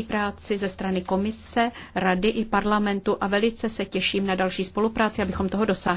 spolupráci ze strany komise, rady i parlamentu a velice se těším na další spolupráci, abychom toho dosáhli.